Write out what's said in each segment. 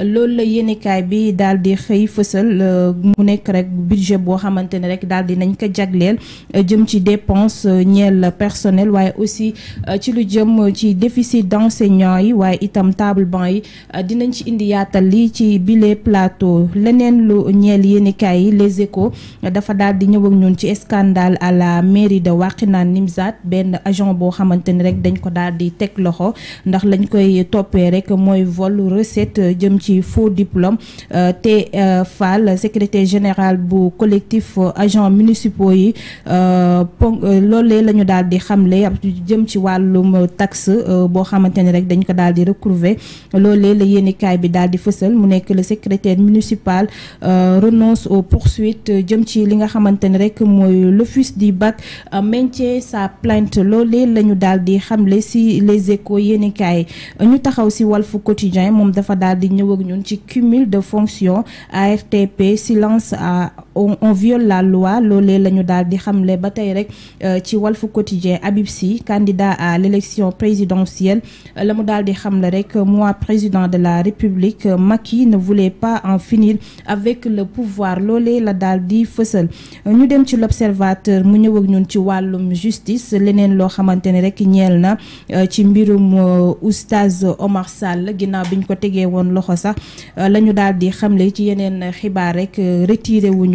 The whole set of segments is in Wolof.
Lol la yéenekaay bi daal di xëy euh, mu nek rek budget bo xamantene rek daal di nañ ko euh, ci euh, personnel waye aussi ci lu jëm ci déficit d'enseignants yi itam table banc yi dinañ ci indi yaatal li ci bile plateau lenen lu ñeel yéenekaay yi les échos dafa daal di ñëw ak ñun ci scandale à la mairie de Wakhina Nimzat ben agent bo xamantene rek dañ ko daal di loxo ndax lañ koy topé rek moy vol recette jëm ci faux diplôme euh, TFAL euh, Fall secrétaire général bu collectif euh, agents municipaux yi euh lolé lañu ñu daal di jëm ci walum taxe bo xamante rek dañ ko daal di recouvrer loolee la yéenekaay bi di mu nek le secrétaire municipal renonce aux poursuites jëm ci li nga xamante rek le l'office du bac maintient sa plainte l'olé lañu ñu di si les échos yéenekaay ñu taxaw ci Walf Quotidien mom dafa daal di ñëw ñun ci cumul de fonction ARTP silence à on, viole la loi L'olé la de xamlé batay rek euh, ci Quotidien Habib Sy candidat à l'élection présidentielle euh, la de xamlé rek moi président de la République euh, Macky ne voulait pas en finir avec le pouvoir L'olé la daldi di ñu dem ci l'observateur mu ñëw ak ñun ci justice lenen lo xamantene rek ci mbirum oustaz Omar Sal. Gina biñ ko tegee won loxo sax tienen daldi xamlé ci xibaar rek retiré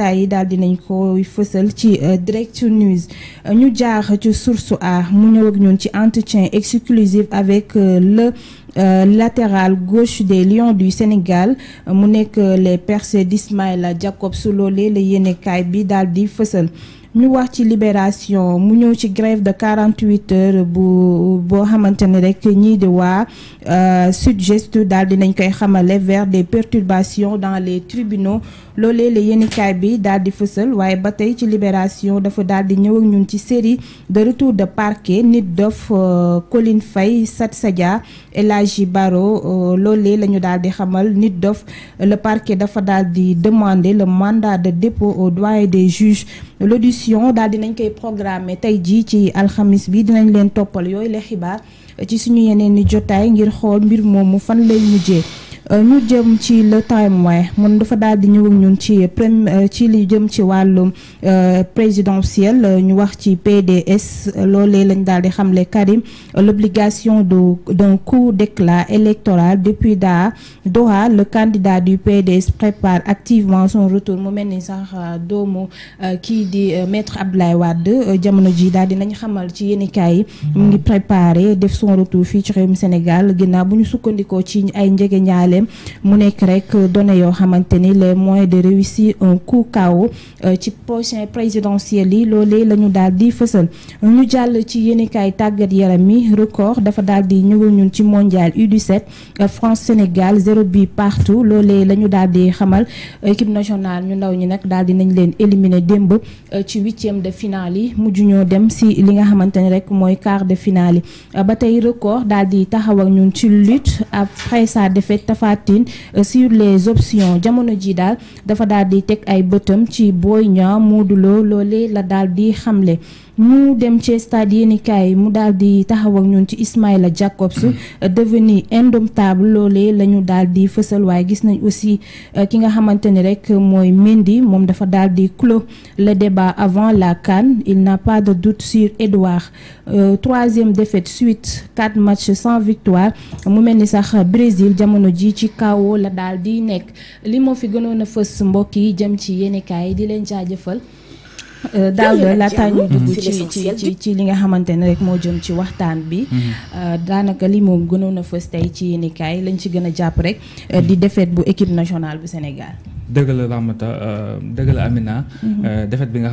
détails yi daal dinañ ko fësal ci euh, direct news euh, ñu jaar ci source a mu ñëw ak ñun ci entretien exclusif avec euh, le euh, latéral gauche des Lions du Sénégal euh, mu que euh, les percées d'Ismaïla Jacob sous lolé le yéenekaay bi d'Aldi, Fossel. libération mu grève de 48 heures pour boo xamante ne rek ñii di vers des perturbations dans les tribunaux Lolé le yéenekaay bi d'Aldi, di fësal waaye ba ci libération dafa daal di ñëw ak ñun ci série de retour de parquet nit dof Colline Faye Sat Sadia Elhadji Baro euh, loolee la ñu daal di xamal nit dof le parquet dafa daal di demande le mandat de dépôt au doyen des juges l'audition daal dinañ koy programmer tey jii ci alxamis bi dinañ leen toppal yooyu la xibaar ci suñu yeneen i jotaay ngir xool mbir moomu fan lay mujjee Nous euh, jëm ci le Nous dafa di temps ñun ci euh, ci li euh, présidentiel ñu wax ci PDS lolé lañ Karim l'obligation d'un coup d'éclat électoral depuis da Doha le candidat du PDS prépare activement son retour mu melni sax doomu maître Abdoulaye Wade jamono ji nañ xamal ci kay mu son retour fi Sénégal mu nekk rek données les moyens de réussir un coup KO euh, ci prochain présidentiel lolé loolee la ñu daal di fësal ñu jall ci kay tagat yaram mi record dafa daal di ñëwal ñun ci mondial U17 euh, France Sénégal zéro bi partout lolé lañu ñu di xamal équipe nationale ñu ndaw ñi nak daal di nañ leen éliminer demb euh, ci huitième de finale yi mujj ñoo dem si li nga xamante rek moy quart de finale batay record daal di taxaw ak ñun ci lutte après sa défaite euh, sur les options jamono ji dal dafa daal di teg ay bëtam ci Boy la daldi di xamle mu dem ci stade yéenikaay mu daal di taxaw ak ñun ci Ismaïla Jacobs hmm. euh, devenu indomptable l'olé la ñu daal di gis nañ aussi euh, ki nga xamantene rek moy Mendy mom dafa daal clos le débat avant la CAN il n'a pas de doute sur Edouard troisième défaite suite quatre matchs sans victoire mu melni sax Brésil jamono ji ci kawo la daal di nekk li moo fi gënoon a fës mbokk yi jëm ci yéenekaay yi di leen jaajëfal euh, daal de laataa ñu dugg ci ci ci li nga xamante ne rek moo jëm ci waxtaan bi mm-hmm. euh, daanaka li moom gënoon a fës tey ci yéenekaay lañ ci gën a jàpp rek euh, di mm-hmm. défaite bu équipe national bu Sénégal dëgg la Ramata dëgg la Amina mm-hmm. défaite bi nga